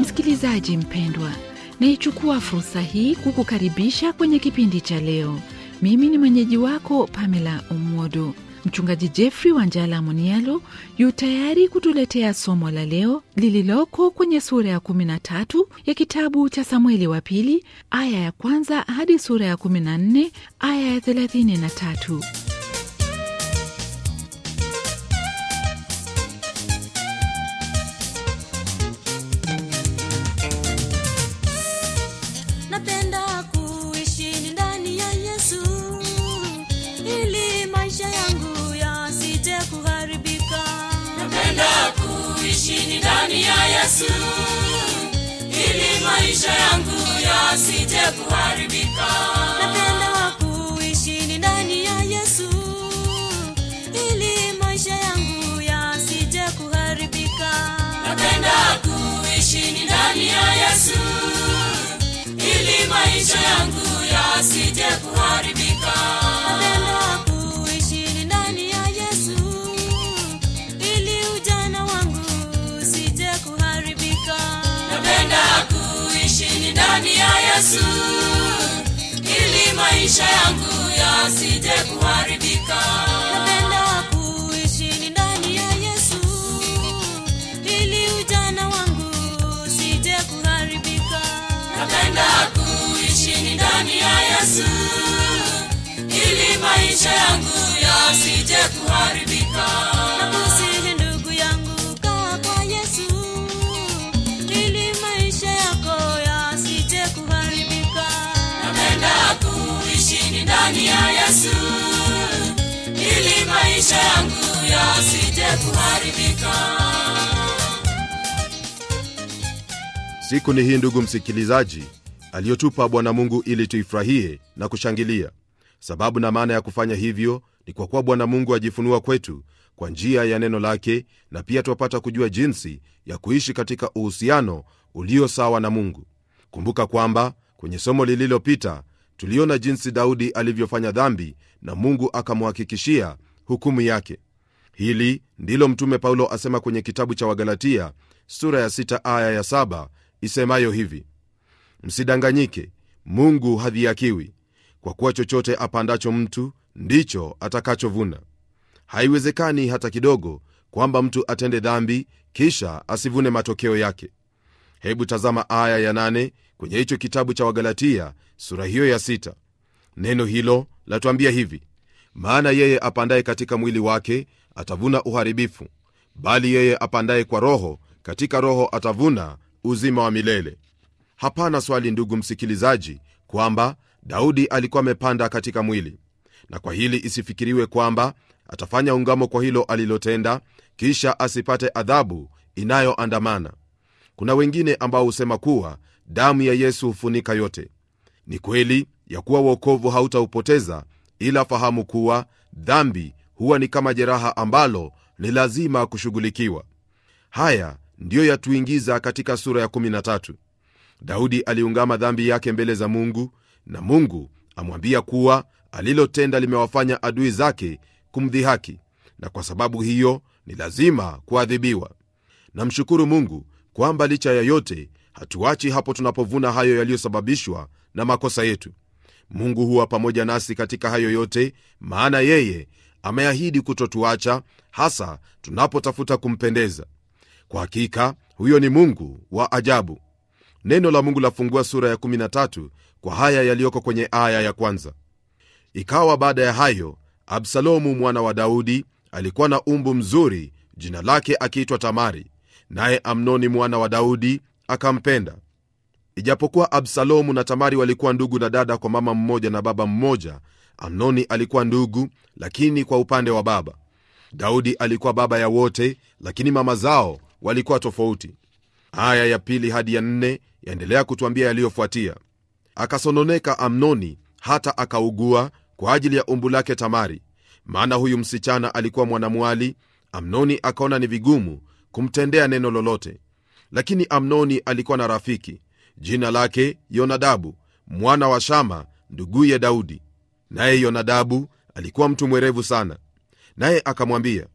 msikilizaji mpendwa naichukua fursa hii kukukaribisha kwenye kipindi cha leo mimi ni mwenyeji wako pamela umodo Mchungaji Jeffrey Wanjala monialo yu tayari kutuletea somo la leo lililoko kwenye sura ya 13 ya kitabu cha Samueli wa Pili, aya ya kwanza hadi sura ya 14 aya ya 33. chini ndani ya Yesu ili maisha yangu yasije kuharibika. Yesu ili maisha yangu yasije kuharibika. ndani ya Yesu ili maisha yangu yasije kuharibika. Napenda kuishi ndani ya Yesu ili ujana wangu usije kuharibika. Napenda kuishi ndani ya Yesu ili maisha yangu yasije kuharibika. maisha yangu yasije kuharibika. Siku ni hii, ndugu msikilizaji, aliyotupa Bwana Mungu ili tuifurahie na kushangilia. Sababu na maana ya kufanya hivyo ni kwa kuwa Bwana Mungu ajifunua kwetu kwa njia ya neno lake, na pia twapata kujua jinsi ya kuishi katika uhusiano ulio sawa na Mungu. Kumbuka kwamba kwenye somo lililopita tuliona jinsi Daudi alivyofanya dhambi na Mungu akamhakikishia hukumu yake. Hili ndilo Mtume Paulo asema kwenye kitabu cha Wagalatia sura ya sita aya ya saba isemayo hivi: msidanganyike, Mungu hadhiakiwi kwa kuwa chochote apandacho mtu ndicho atakachovuna. Haiwezekani hata kidogo kwamba mtu atende dhambi kisha asivune matokeo yake. Hebu tazama aya ya nane kwenye hicho kitabu cha Wagalatia sura hiyo ya sita. Neno hilo latuambia hivi: maana yeye apandaye katika mwili wake atavuna uharibifu, bali yeye apandaye kwa Roho katika Roho atavuna uzima wa milele. Hapana swali, ndugu msikilizaji, kwamba Daudi alikuwa amepanda katika mwili, na kwa hili isifikiriwe kwamba atafanya ungamo kwa hilo alilotenda, kisha asipate adhabu inayoandamana. Kuna wengine ambao husema kuwa damu ya Yesu hufunika yote. Ni kweli ya kuwa wokovu hautaupoteza ila fahamu kuwa dhambi huwa ni kama jeraha ambalo ni lazima kushughulikiwa. Haya ndiyo yatuingiza katika sura ya 13. Daudi aliungama dhambi yake mbele za Mungu, na Mungu amwambia kuwa alilotenda limewafanya adui zake kumdhihaki, na kwa sababu hiyo ni lazima kuadhibiwa. Namshukuru Mungu kwamba licha ya yote hatuachi hapo tunapovuna hayo yaliyosababishwa na makosa yetu mungu huwa pamoja nasi katika hayo yote maana yeye ameahidi kutotuacha hasa tunapotafuta kumpendeza kwa hakika huyo ni mungu wa ajabu neno la mungu lafungua sura ya 13 kwa haya yaliyoko kwenye aya ya kwanza ikawa baada ya hayo absalomu mwana wa daudi alikuwa na umbu mzuri jina lake akiitwa tamari naye amnoni mwana wa daudi akampenda Ijapokuwa Absalomu na Tamari walikuwa ndugu na dada kwa mama mmoja na baba mmoja, Amnoni alikuwa ndugu, lakini kwa upande wa baba. Daudi alikuwa baba ya wote, lakini mama zao walikuwa tofauti. Aya ya pili hadi ya nne yaendelea kutuambia yaliyofuatia. Akasononeka Amnoni hata akaugua kwa ajili ya umbu lake Tamari, maana huyu msichana alikuwa mwanamwali. Amnoni akaona ni vigumu kumtendea neno lolote, lakini Amnoni alikuwa na rafiki jina lake Yonadabu mwana wa Shama nduguye Daudi. Naye Yonadabu alikuwa mtu mwerevu sana, naye akamwambia,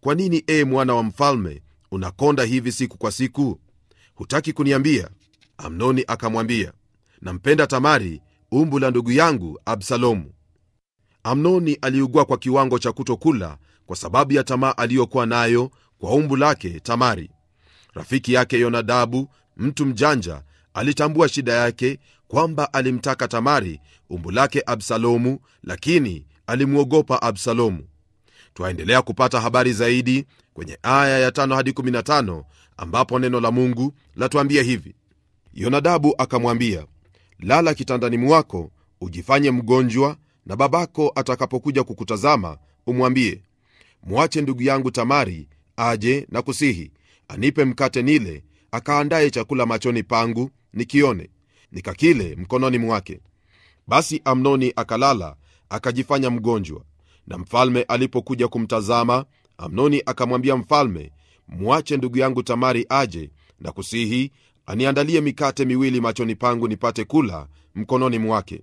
kwa nini ee mwana wa mfalme unakonda hivi siku kwa siku? Hutaki kuniambia? Amnoni akamwambia, nampenda Tamari, umbu la ndugu yangu Absalomu. Amnoni aliugua kwa kiwango cha kutokula kwa sababu ya tamaa aliyokuwa nayo kwa umbu lake Tamari. Rafiki yake Yonadabu, mtu mjanja, alitambua shida yake kwamba alimtaka Tamari umbu lake Absalomu, lakini alimwogopa Absalomu. Twaendelea kupata habari zaidi kwenye aya ya 5 hadi 15, ambapo neno la Mungu latuambia hivi: Yonadabu akamwambia, lala kitandani mwako ujifanye mgonjwa, na babako atakapokuja kukutazama umwambie, mwache ndugu yangu Tamari aje na kusihi anipe mkate nile, akaandaye chakula machoni pangu, nikione nikakile mkononi mwake basi amnoni akalala akajifanya mgonjwa na mfalme alipokuja kumtazama amnoni akamwambia mfalme mwache ndugu yangu tamari aje na kusihi aniandalie mikate miwili machoni pangu nipate kula mkononi mwake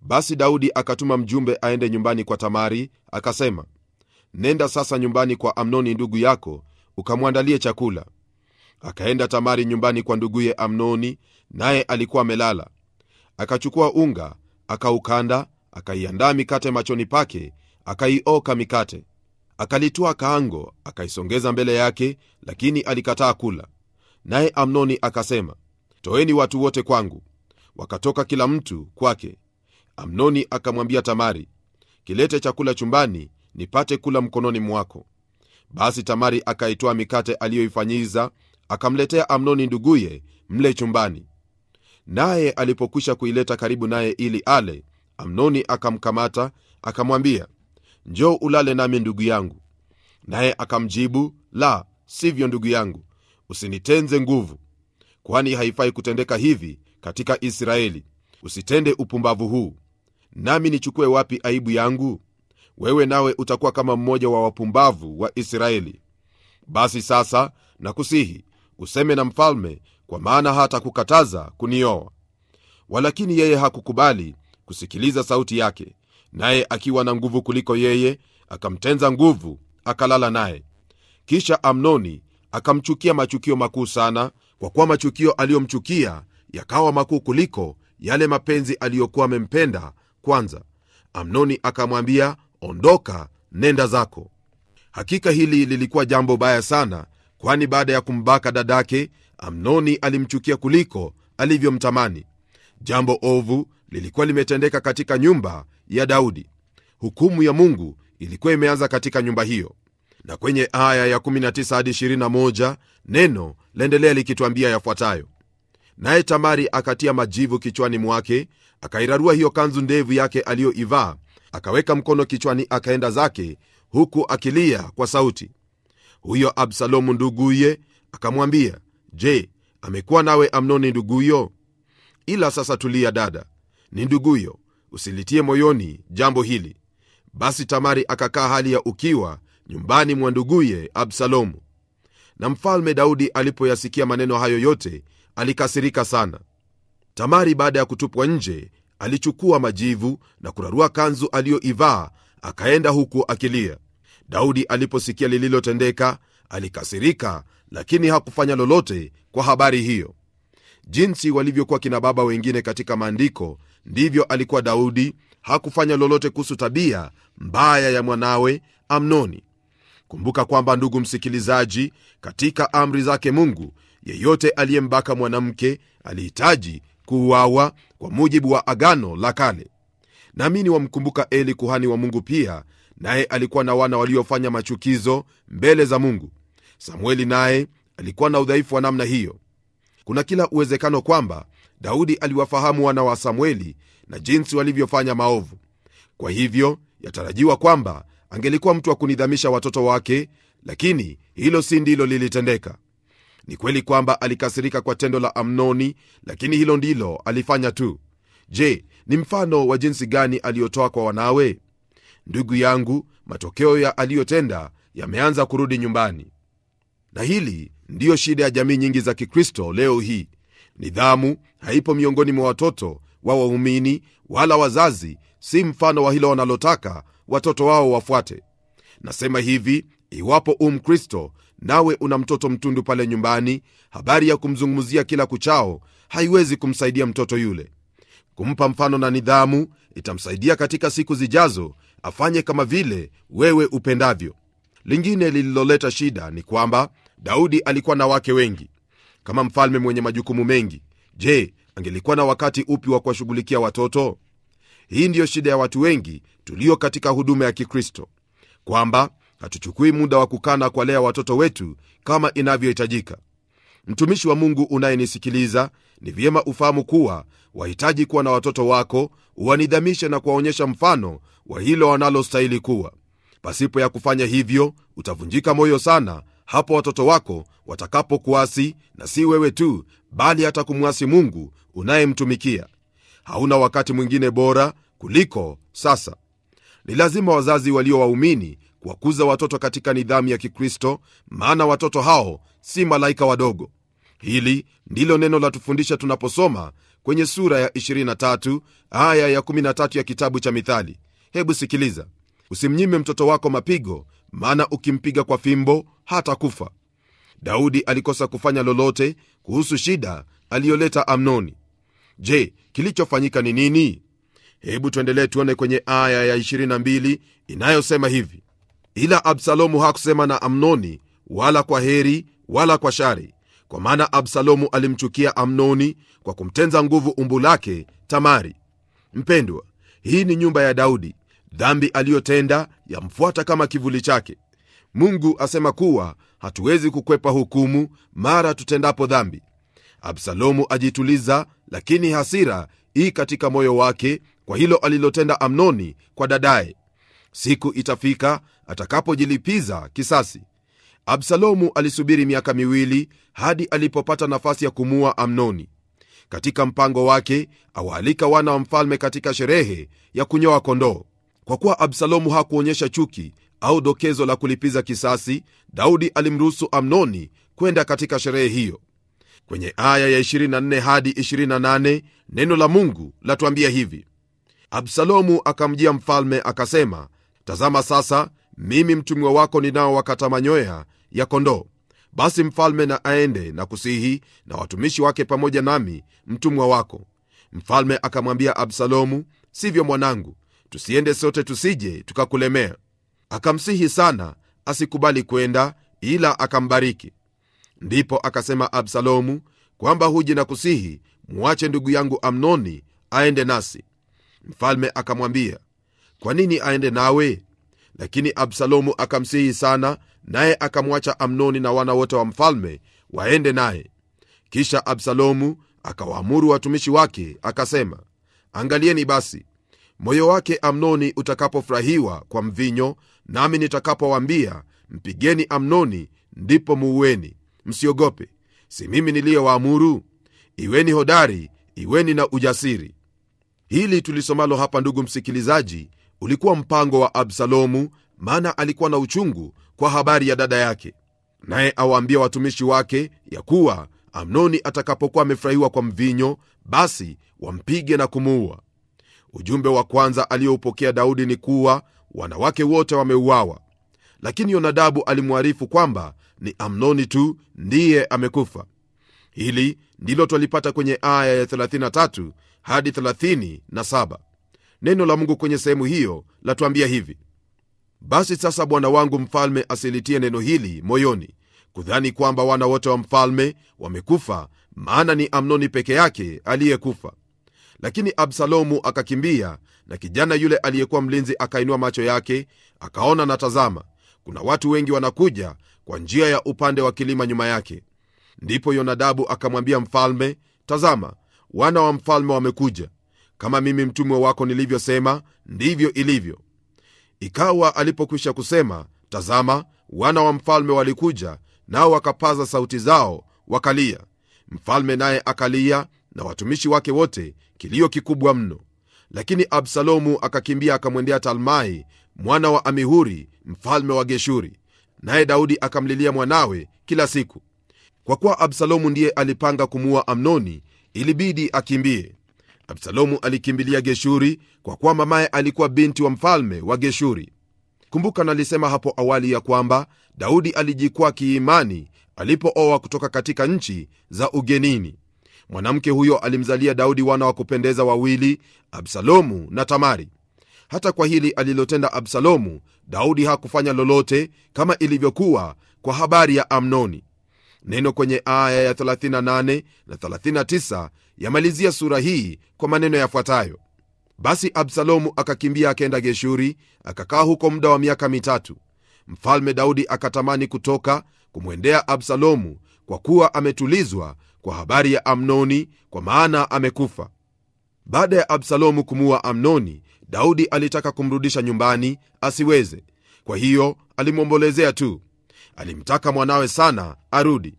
basi daudi akatuma mjumbe aende nyumbani kwa tamari akasema nenda sasa nyumbani kwa amnoni ndugu yako ukamwandalie chakula Akaenda Tamari nyumbani kwa nduguye Amnoni, naye alikuwa amelala. Akachukua unga akaukanda, akaiandaa mikate machoni pake, akaioka mikate. akalitoa kaango akaisongeza mbele yake, lakini alikataa kula. Naye Amnoni akasema, toeni watu wote kwangu. Wakatoka kila mtu kwake. Amnoni akamwambia Tamari, kilete chakula chumbani nipate kula mkononi mwako. Basi Tamari akaitoa mikate aliyoifanyiza akamletea Amnoni nduguye mle chumbani. Naye alipokwisha kuileta karibu naye ili ale, Amnoni akamkamata akamwambia, njoo ulale nami ndugu yangu. Naye akamjibu, la, sivyo ndugu yangu, usinitenze nguvu, kwani haifai kutendeka hivi katika Israeli. Usitende upumbavu huu. Nami nichukue wapi aibu yangu? Wewe nawe utakuwa kama mmoja wa wapumbavu wa Israeli. Basi sasa nakusihi, useme na mfalme, kwa maana hata kukataza kunioa. Walakini yeye hakukubali kusikiliza sauti yake, naye akiwa na nguvu kuliko yeye akamtenza nguvu, akalala naye. Kisha Amnoni akamchukia machukio makuu sana, kwa kuwa machukio aliyomchukia yakawa makuu kuliko yale mapenzi aliyokuwa amempenda kwanza. Amnoni akamwambia, ondoka, nenda zako. Hakika hili lilikuwa jambo baya sana kwani baada ya kumbaka dadake Amnoni alimchukia kuliko alivyomtamani. Jambo ovu lilikuwa limetendeka katika nyumba ya Daudi. Hukumu ya Mungu ilikuwa imeanza katika nyumba hiyo. Na kwenye aya ya 1921 neno laendelea likituambia yafuatayo: naye Tamari akatia majivu kichwani mwake, akairarua hiyo kanzu ndevu yake aliyoivaa, akaweka mkono kichwani, akaenda zake, huku akilia kwa sauti. Huyo Absalomu nduguye akamwambia, Je, amekuwa nawe Amnoni nduguyo? Ila sasa tulia, dada, ni nduguyo, usilitie moyoni jambo hili. Basi Tamari akakaa hali ya ukiwa nyumbani mwa nduguye Absalomu. Na mfalme Daudi alipoyasikia maneno hayo yote, alikasirika sana. Tamari baada ya kutupwa nje, alichukua majivu na kurarua kanzu aliyoivaa, akaenda huku akilia daudi aliposikia lililotendeka alikasirika lakini hakufanya lolote kwa habari hiyo jinsi walivyokuwa kina baba wengine katika maandiko ndivyo alikuwa daudi hakufanya lolote kuhusu tabia mbaya ya mwanawe amnoni kumbuka kwamba ndugu msikilizaji katika amri zake mungu yeyote aliyembaka mwanamke alihitaji kuuawa kwa mujibu wa agano la kale naamini wamkumbuka eli kuhani wa mungu pia naye alikuwa na wana waliofanya machukizo mbele za Mungu. Samueli naye alikuwa na udhaifu wa namna hiyo. Kuna kila uwezekano kwamba Daudi aliwafahamu wana wa Samueli na jinsi walivyofanya maovu. Kwa hivyo yatarajiwa kwamba angelikuwa mtu wa kunidhamisha watoto wake, lakini hilo si ndilo lilitendeka. Ni kweli kwamba alikasirika kwa tendo la Amnoni, lakini hilo ndilo alifanya tu. Je, ni mfano wa jinsi gani aliyotoa kwa wanawe? ndugu yangu, matokeo ya aliyotenda yameanza kurudi nyumbani. Na hili ndiyo shida ya jamii nyingi za Kikristo leo hii. Nidhamu haipo miongoni mwa watoto wa waumini, wala wazazi si mfano wa hilo wanalotaka watoto wao wafuate. Nasema hivi, iwapo umkristo nawe una mtoto mtundu pale nyumbani, habari ya kumzungumzia kila kuchao haiwezi kumsaidia mtoto yule. Kumpa mfano na nidhamu itamsaidia katika siku zijazo afanye kama vile wewe upendavyo lingine lililoleta shida ni kwamba daudi alikuwa na wake wengi kama mfalme mwenye majukumu mengi je angelikuwa na wakati upi wa kuwashughulikia watoto hii ndiyo shida ya watu wengi tulio katika huduma ya kikristo kwamba hatuchukui muda wa kukaa na kuwalea watoto wetu kama inavyohitajika mtumishi wa mungu unayenisikiliza ni vyema ufahamu kuwa wahitaji kuwa na watoto wako uwanidhamishe na kuwaonyesha mfano wa hilo wanalostahili kuwa. Pasipo ya kufanya hivyo, utavunjika moyo sana hapo watoto wako watakapokuasi, na si wewe tu, bali hata kumwasi Mungu unayemtumikia. Hauna wakati mwingine bora kuliko sasa. Ni lazima wazazi waliowaumini kuwakuza watoto katika nidhamu ya Kikristo, maana watoto hao si malaika wadogo. Hili ndilo neno la tufundisha tunaposoma kwenye sura ya 23 aya ya 13 ya kitabu cha Mithali hebu sikiliza, usimnyime mtoto wako mapigo, maana ukimpiga kwa fimbo hata kufa. Daudi alikosa kufanya lolote kuhusu shida aliyoleta Amnoni. Je, kilichofanyika ni nini? Hebu tuendelee tuone kwenye aya ya 22 inayosema hivi: ila Absalomu hakusema na Amnoni wala kwa heri wala kwa shari, kwa maana Absalomu alimchukia Amnoni kwa kumtenza nguvu umbu lake Tamari. Mpendwa, hii ni nyumba ya Daudi, dhambi aliyotenda yamfuata kama kivuli chake. Mungu asema kuwa hatuwezi kukwepa hukumu mara tutendapo dhambi. Absalomu ajituliza, lakini hasira ii katika moyo wake kwa hilo alilotenda Amnoni kwa dadaye. Siku itafika atakapojilipiza kisasi. Absalomu alisubiri miaka miwili hadi alipopata nafasi ya kumua Amnoni. Katika mpango wake awaalika wana wa mfalme katika sherehe ya kunyoa kondoo. Kwa kuwa Absalomu hakuonyesha chuki au dokezo la kulipiza kisasi, Daudi alimruhusu Amnoni kwenda katika sherehe hiyo. Kwenye aya ya 24 hadi 28 neno la Mungu latuambia hivi: Absalomu akamjia mfalme akasema, tazama sasa, mimi mtumwa wako wakata manyoya ya kondoo. Basi mfalme na aende na kusihi na watumishi wake pamoja nami mtumwa wako. Mfalme akamwambia Absalomu, sivyo mwanangu, tusiende sote, tusije tukakulemea. Akamsihi sana asikubali kwenda, ila akambariki. Ndipo akasema Absalomu kwamba huji na kusihi, muache ndugu yangu Amnoni aende nasi. Mfalme akamwambia, kwa nini aende nawe? Lakini Absalomu akamsihi sana, naye akamwacha Amnoni na wana wote wa mfalme waende naye. Kisha Absalomu akawaamuru watumishi wake, akasema, angalieni basi, moyo wake Amnoni utakapofurahiwa kwa mvinyo, nami nitakapowaambia mpigeni Amnoni, ndipo muueni. Msiogope, si mimi niliyewaamuru? Iweni hodari, iweni na ujasiri. Hili tulisomalo hapa, ndugu msikilizaji, ulikuwa mpango wa Absalomu, maana alikuwa na uchungu kwa habari ya dada yake, naye awaambia watumishi wake ya kuwa Amnoni atakapokuwa amefurahiwa kwa mvinyo, basi wampige na kumuua. Ujumbe wa kwanza aliyoupokea Daudi ni kuwa wanawake wote wameuawa, lakini Yonadabu alimwarifu kwamba ni Amnoni tu ndiye amekufa. Hili ndilo twalipata kwenye aya ya 33 hadi 37. Neno la Mungu kwenye sehemu hiyo latuambia hivi: basi sasa bwana wangu mfalme asilitie neno hili moyoni, kudhani kwamba wana wote wa mfalme wamekufa, maana ni Amnoni peke yake aliyekufa. Lakini Absalomu akakimbia, na kijana yule aliyekuwa mlinzi akainua macho yake, akaona na tazama, kuna watu wengi wanakuja kwa njia ya upande wa kilima nyuma yake. Ndipo Yonadabu akamwambia mfalme, tazama, wana wa mfalme wamekuja, kama mimi mtumwe wako nilivyosema, ndivyo ilivyo. Ikawa alipokwisha kusema, tazama, wana wa mfalme walikuja, nao wakapaza sauti zao, wakalia. Mfalme naye akalia, na watumishi wake wote kilio kikubwa mno. Lakini Absalomu akakimbia akamwendea Talmai mwana wa Amihuri mfalme wa Geshuri, naye Daudi akamlilia mwanawe kila siku. Kwa kuwa Absalomu ndiye alipanga kumuua Amnoni, ilibidi akimbie. Absalomu alikimbilia Geshuri kwa kuwa mamaye alikuwa binti wa mfalme wa Geshuri. Kumbuka nalisema hapo awali ya kwamba Daudi alijikwaa kiimani alipooa kutoka katika nchi za ugenini. Mwanamke huyo alimzalia Daudi wana wa kupendeza wawili, Absalomu na Tamari. Hata kwa hili alilotenda Absalomu, Daudi hakufanya lolote, kama ilivyokuwa kwa habari ya Amnoni. Neno kwenye aya ya 38 na 39 yamalizia sura hii kwa maneno yafuatayo: basi Absalomu akakimbia akaenda Geshuri, akakaa huko muda wa miaka mitatu. Mfalme Daudi akatamani kutoka kumwendea Absalomu, kwa kuwa ametulizwa kwa habari ya Amnoni, kwa maana amekufa. Baada ya Absalomu kumuua Amnoni, Daudi alitaka kumrudisha nyumbani, asiweze. Kwa hiyo alimwombolezea tu, alimtaka mwanawe sana arudi.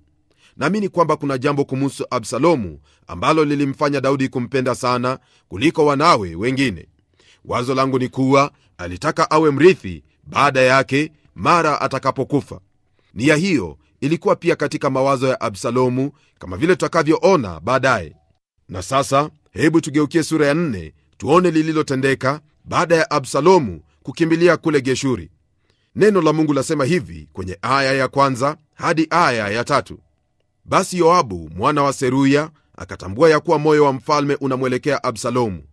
Naamini kwamba kuna jambo kumhusu Absalomu ambalo lilimfanya Daudi kumpenda sana kuliko wanawe wengine. Wazo langu ni kuwa alitaka awe mrithi baada yake mara atakapokufa. Nia hiyo ilikuwa pia katika mawazo ya Absalomu kama vile tutakavyoona baadaye. Na sasa hebu tugeukie sura ya nne tuone lililotendeka baada ya Absalomu kukimbilia kule Geshuri. Neno la Mungu lasema hivi kwenye aya ya kwanza hadi aya ya tatu: basi Yoabu mwana wa Seruya akatambua ya kuwa moyo wa mfalme unamwelekea Absalomu.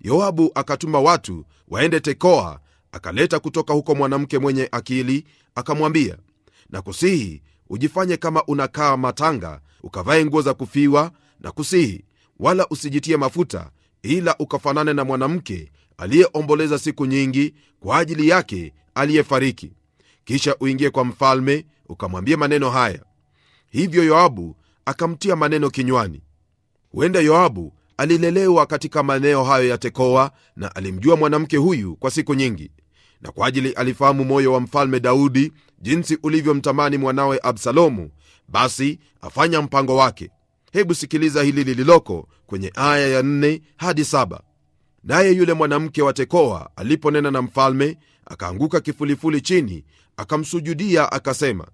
Yoabu akatuma watu waende Tekoa, akaleta kutoka huko mwanamke mwenye akili, akamwambia na kusihi ujifanye kama unakaa matanga ukavae nguo za kufiwa na kusihi wala usijitie mafuta ila ukafanane na mwanamke aliyeomboleza siku nyingi kwa ajili yake aliyefariki kisha uingie kwa mfalme ukamwambie maneno haya hivyo yoabu akamtia maneno kinywani huenda yoabu alilelewa katika maeneo hayo ya tekoa na alimjua mwanamke huyu kwa siku nyingi na kwa ajili alifahamu moyo wa mfalme Daudi jinsi ulivyomtamani mwanawe Absalomu, basi afanya mpango wake. Hebu sikiliza hili lililoko kwenye aya ya nne hadi saba. Naye yule mwanamke wa Tekoa aliponena na mfalme, akaanguka kifulifuli chini, akamsujudia akasema,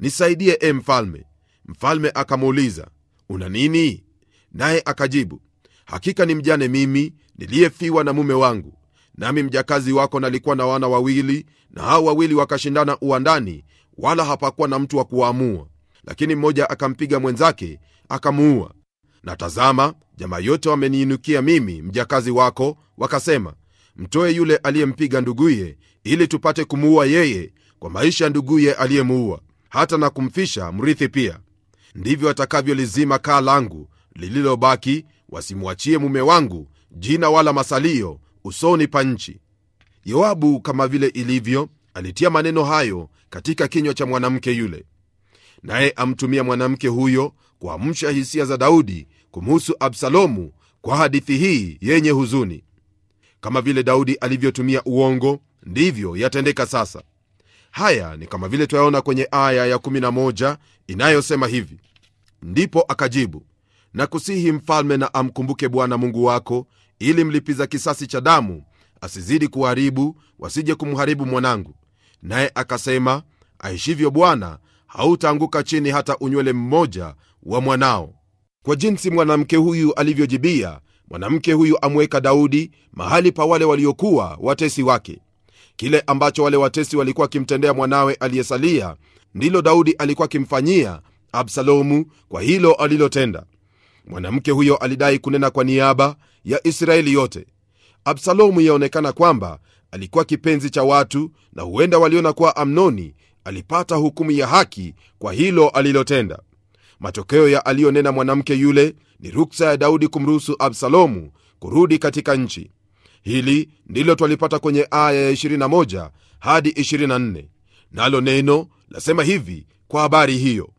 nisaidie e mfalme. Mfalme akamuuliza una nini? Naye akajibu, hakika ni mjane mimi niliyefiwa na mume wangu, nami mjakazi wako nalikuwa na wana wawili, na hao wawili wakashindana uwandani, wala hapakuwa na mtu wa kuwaamua. Lakini mmoja akampiga mwenzake akamuua. Na tazama, jamaa yote wameniinukia mimi mjakazi wako, wakasema, mtoe yule aliyempiga nduguye, ili tupate kumuua yeye kwa maisha ya nduguye aliyemuua, hata na kumfisha mrithi pia. Ndivyo atakavyolizima kaa langu lililobaki, wasimwachie mume wangu jina wala masalio usoni pa nchi. Yoabu kama vile ilivyo alitia maneno hayo katika kinywa cha mwanamke yule, naye amtumia mwanamke huyo kuamsha hisia za Daudi kumhusu Absalomu kwa hadithi hii yenye huzuni. Kama vile Daudi alivyotumia uongo, ndivyo yatendeka sasa. Haya ni kama vile twayaona kwenye aya ya 11 inayosema hivi: ndipo akajibu na kusihi mfalme na amkumbuke Bwana Mungu wako ili mlipiza kisasi cha damu asizidi kuharibu, wasije kumharibu mwanangu. Naye akasema, aishivyo Bwana, hautaanguka chini hata unywele mmoja wa mwanao. Kwa jinsi mwanamke huyu alivyojibia, mwanamke huyu amweka Daudi mahali pa wale waliokuwa watesi wake. Kile ambacho wale watesi walikuwa wakimtendea mwanawe aliyesalia, ndilo Daudi alikuwa akimfanyia Absalomu kwa hilo alilotenda. Mwanamke huyo alidai kunena kwa niaba ya Israeli yote. Absalomu yaonekana kwamba alikuwa kipenzi cha watu, na huenda waliona kuwa Amnoni alipata hukumu ya haki kwa hilo alilotenda. Matokeo ya aliyonena mwanamke yule ni ruksa ya Daudi kumruhusu Absalomu kurudi katika nchi. Hili ndilo twalipata kwenye aya ya 21 hadi 24, nalo neno lasema hivi kwa habari hiyo: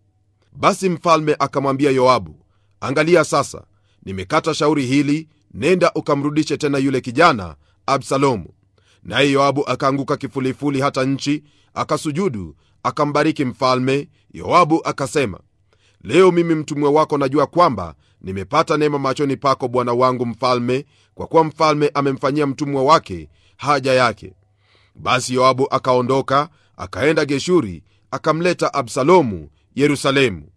basi mfalme akamwambia Yoabu, angalia sasa, nimekata shauri hili nenda ukamrudishe tena yule kijana Absalomu. Naye Yoabu akaanguka kifulifuli hata nchi, akasujudu, akambariki mfalme. Yoabu akasema, leo mimi mtumwa wako najua kwamba nimepata neema machoni pako, bwana wangu mfalme, kwa kuwa mfalme amemfanyia mtumwa wake haja yake. Basi Yoabu akaondoka akaenda Geshuri, akamleta Absalomu Yerusalemu.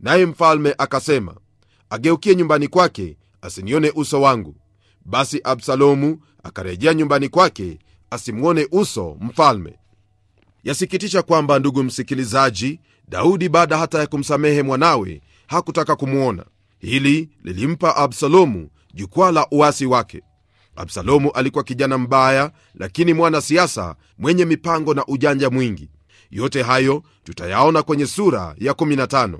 Naye mfalme akasema ageukie nyumbani kwake asinione uso wangu. Basi Absalomu akarejea nyumbani kwake asimwone uso mfalme. Yasikitisha kwamba, ndugu msikilizaji, Daudi baada hata ya kumsamehe mwanawe hakutaka kumwona. Hili lilimpa Absalomu jukwaa la uasi wake. Absalomu alikuwa kijana mbaya, lakini mwanasiasa mwenye mipango na ujanja mwingi. Yote hayo tutayaona kwenye sura ya 15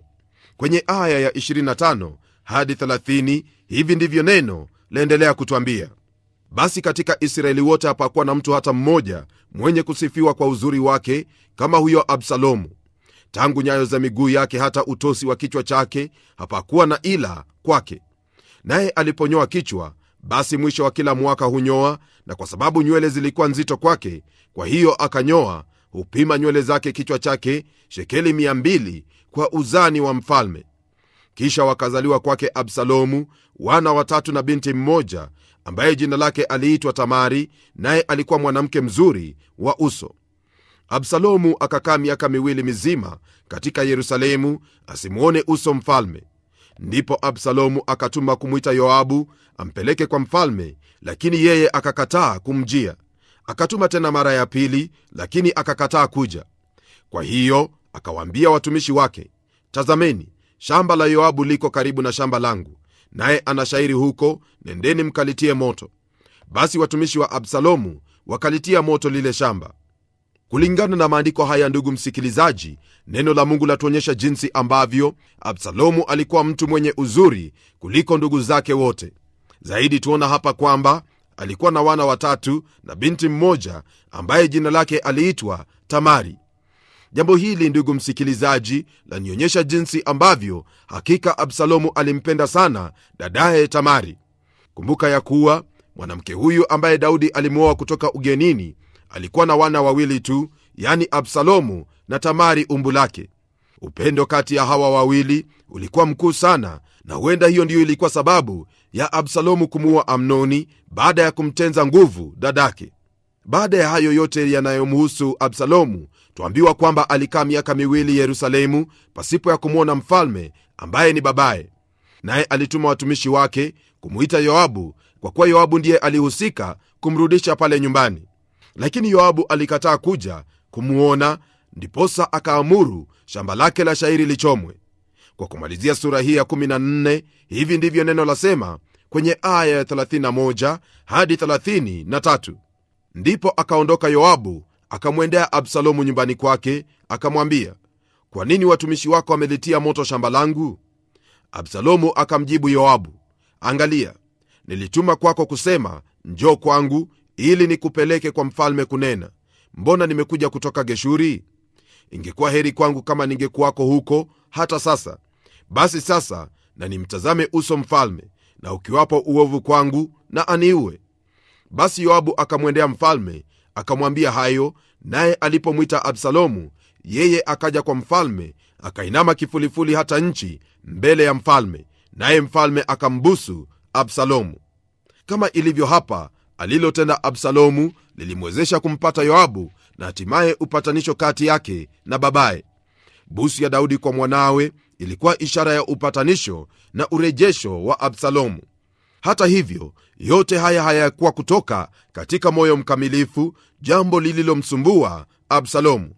kwenye aya ya 25 hadi hivi ndivyo neno laendelea kutwambia basi katika israeli wote hapakuwa na mtu hata mmoja mwenye kusifiwa kwa uzuri wake kama huyo absalomu tangu nyayo za miguu yake hata utosi wa kichwa chake hapakuwa na ila kwake naye aliponyoa kichwa basi mwisho wa kila mwaka hunyoa na kwa sababu nywele zilikuwa nzito kwake kwa hiyo akanyoa hupima nywele zake kichwa chake shekeli 200 kwa uzani wa mfalme kisha wakazaliwa kwake absalomu wana watatu na binti mmoja ambaye jina lake aliitwa tamari naye alikuwa mwanamke mzuri wa uso absalomu akakaa miaka miwili mizima katika yerusalemu asimwone uso mfalme ndipo absalomu akatuma kumwita yoabu ampeleke kwa mfalme lakini yeye akakataa kumjia akatuma tena mara ya pili lakini akakataa kuja kwa hiyo akawaambia watumishi wake tazameni shamba la Yoabu liko karibu na shamba langu, naye shairi huko, nendeni mkalitie moto. Basi watumishi wa Absalomu wakalitia moto lile shamba. Kulingana na maandiko haya, ndugu msikilizaji, neno la Mungu latuonyesha jinsi ambavyo Absalomu alikuwa mtu mwenye uzuri kuliko ndugu zake wote. Zaidi tuona hapa kwamba alikuwa na wana watatu na binti mmoja ambaye jina lake aliitwa Tamari. Jambo hili ndugu msikilizaji, lanionyesha jinsi ambavyo hakika Absalomu alimpenda sana dadaye Tamari. Kumbuka ya kuwa mwanamke huyu ambaye Daudi alimwoa kutoka ugenini alikuwa na wana wawili tu, yani Absalomu na Tamari umbu lake. Upendo kati ya hawa wawili ulikuwa mkuu sana, na huenda hiyo ndiyo ilikuwa sababu ya Absalomu kumuua Amnoni baada ya kumtenza nguvu dadake. Baada ya hayo yote yanayomhusu Absalomu, twambiwa kwamba alikaa miaka miwili Yerusalemu pasipo ya kumwona mfalme ambaye ni babaye, naye alituma watumishi wake kumuita Yoabu, kwa kuwa Yoabu ndiye alihusika kumrudisha pale nyumbani. Lakini Yoabu alikataa kuja kumwona, ndiposa akaamuru shamba lake la shairi lichomwe. Kwa kumalizia sura hii ya 14, hivi ndivyo neno lasema kwenye aya ya 31 hadi 33: ndipo akaondoka Yoabu akamwendea Absalomu nyumbani kwake, akamwambia, kwa nini watumishi wako wamelitia moto shamba langu? Absalomu akamjibu Yoabu, angalia, nilituma kwako kusema, njoo kwangu ili nikupeleke kwa mfalme kunena. Mbona nimekuja kutoka Geshuri? Ingekuwa heri kwangu kama ningekuwako huko hata sasa. Basi sasa na nimtazame uso mfalme, na ukiwapo uovu kwangu, na aniue. Basi Yoabu akamwendea mfalme akamwambia hayo, naye alipomwita Absalomu, yeye akaja kwa mfalme, akainama kifulifuli hata nchi mbele ya mfalme, naye mfalme akambusu Absalomu. Kama ilivyo hapa, alilotenda Absalomu lilimwezesha kumpata Yoabu na hatimaye upatanisho kati yake na babaye. Busu ya Daudi kwa mwanawe ilikuwa ishara ya upatanisho na urejesho wa Absalomu. Hata hivyo, yote haya hayakuwa kutoka katika moyo mkamilifu, jambo lililomsumbua Absalomu.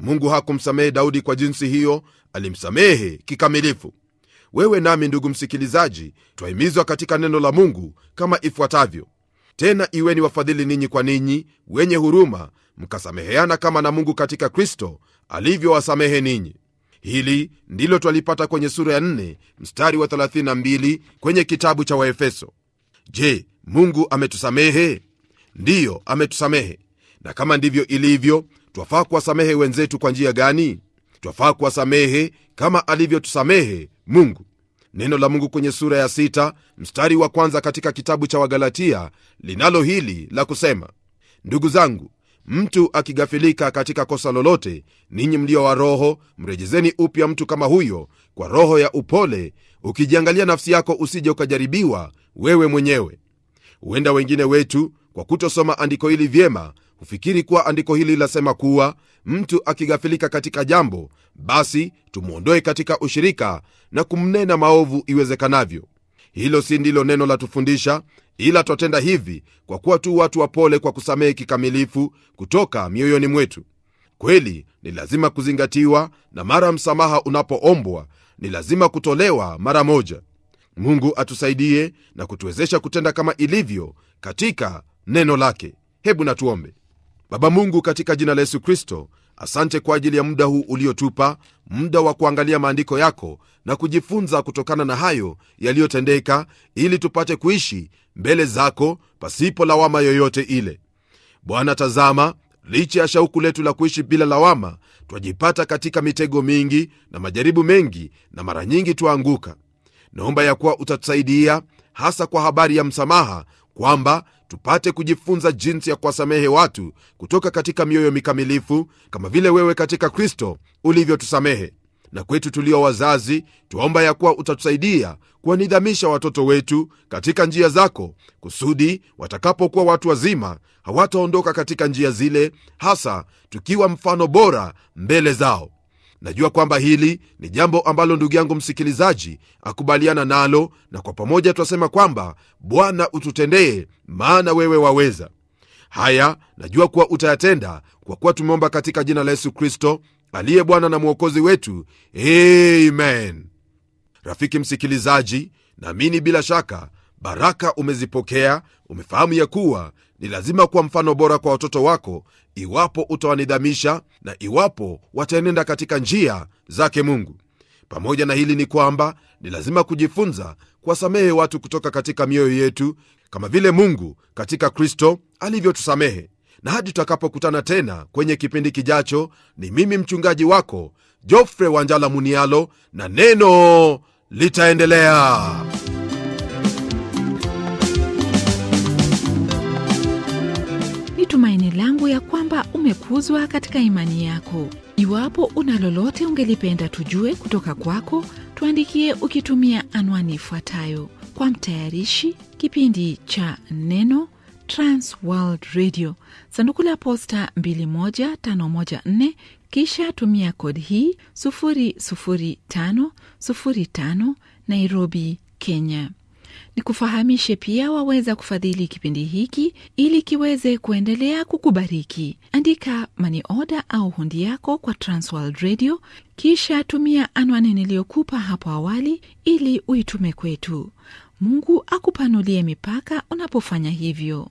Mungu hakumsamehe Daudi kwa jinsi hiyo, alimsamehe kikamilifu. Wewe nami, ndugu msikilizaji, twahimizwa katika neno la Mungu kama ifuatavyo: tena iweni wafadhili ninyi kwa ninyi, wenye huruma, mkasameheana kama na Mungu katika Kristo alivyowasamehe ninyi hili ndilo twalipata kwenye sura ya 4 mstari wa 32 kwenye kitabu cha waefeso je mungu ametusamehe ndiyo ametusamehe na kama ndivyo ilivyo twafaa kuwasamehe wenzetu kwa njia gani twafaa kuwasamehe kama alivyotusamehe mungu neno la mungu kwenye sura ya sita mstari wa kwanza katika kitabu cha wagalatia linalo hili la kusema ndugu zangu mtu akigafilika katika kosa lolote ninyi mlio wa roho mrejezeni upya mtu kama huyo kwa roho ya upole ukijiangalia nafsi yako usije ukajaribiwa wewe mwenyewe huenda wengine wetu kwa kutosoma andiko hili vyema hufikiri kuwa andiko hili lasema kuwa mtu akigafilika katika jambo basi tumwondoe katika ushirika na kumnena maovu iwezekanavyo hilo si ndilo neno la tufundisha, ila twatenda hivi kwa kuwa tu watu wapole kwa kusamehe kikamilifu kutoka mioyoni mwetu. Kweli ni lazima kuzingatiwa, na mara msamaha unapoombwa ni lazima kutolewa mara moja. Mungu atusaidie na kutuwezesha kutenda kama ilivyo katika neno lake. Hebu natuombe. Baba Mungu, katika jina la Yesu Kristo asante kwa ajili ya muda huu uliotupa muda wa kuangalia maandiko yako na kujifunza kutokana na hayo yaliyotendeka ili tupate kuishi mbele zako pasipo lawama yoyote ile bwana tazama licha ya shauku letu la kuishi bila lawama twajipata katika mitego mingi na majaribu mengi na mara nyingi twaanguka naomba ya kuwa utatusaidia hasa kwa habari ya msamaha kwamba tupate kujifunza jinsi ya kuwasamehe watu kutoka katika mioyo mikamilifu kama vile wewe katika Kristo ulivyotusamehe. Na kwetu tulio wazazi, twaomba ya kuwa utatusaidia kuwanidhamisha watoto wetu katika njia zako, kusudi watakapokuwa watu wazima hawataondoka katika njia zile, hasa tukiwa mfano bora mbele zao. Najua kwamba hili ni jambo ambalo ndugu yangu msikilizaji akubaliana nalo, na kwa pamoja twasema kwamba Bwana ututendee, maana wewe waweza. Haya najua kuwa utayatenda, kwa kuwa tumeomba katika jina la Yesu Kristo aliye Bwana na Mwokozi wetu, amen. Rafiki msikilizaji, naamini bila shaka baraka umezipokea umefahamu ya kuwa ni lazima kuwa mfano bora kwa watoto wako iwapo utawanidhamisha na iwapo wataenenda katika njia zake mungu pamoja na hili ni kwamba ni lazima kujifunza kuwasamehe watu kutoka katika mioyo yetu kama vile mungu katika kristo alivyotusamehe na hadi tutakapokutana tena kwenye kipindi kijacho ni mimi mchungaji wako jofre wanjala munialo na neno litaendelea tumaini langu ya kwamba umekuzwa katika imani yako. Iwapo una lolote ungelipenda tujue kutoka kwako, tuandikie ukitumia anwani ifuatayo: kwa mtayarishi kipindi cha Neno, Trans World Radio, sanduku la posta 21514, kisha tumia kodi hii 00505, Nairobi, Kenya ni kufahamishe pia waweza kufadhili kipindi hiki ili kiweze kuendelea kukubariki. Andika mani oda au hundi yako kwa Transworld Radio, kisha tumia anwani niliyokupa hapo awali ili uitume kwetu. Mungu akupanulie mipaka unapofanya hivyo.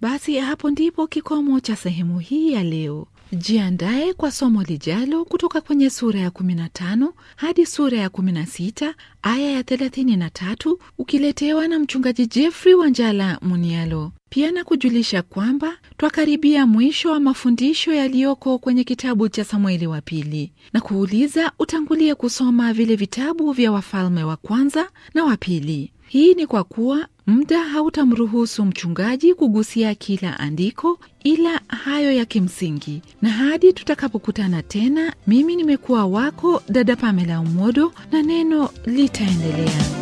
Basi hapo ndipo kikomo cha sehemu hii ya leo. Jiandaye kwa somo lijalo kutoka kwenye sura ya 15 hadi sura ya 16 aya ya 33, ukiletewa na mchungaji Jeffrey wa njala Munialo. Pia na kujulisha kwamba twakaribia mwisho wa mafundisho yaliyoko kwenye kitabu cha Samueli wa pili, na kuuliza utangulie kusoma vile vitabu vya Wafalme wa kwanza na wa pili. Hii ni kwa kuwa muda hautamruhusu mchungaji kugusia kila andiko, ila hayo ya kimsingi. Na hadi tutakapokutana tena, mimi nimekuwa wako dada Pamela Umodo, na neno litaendelea.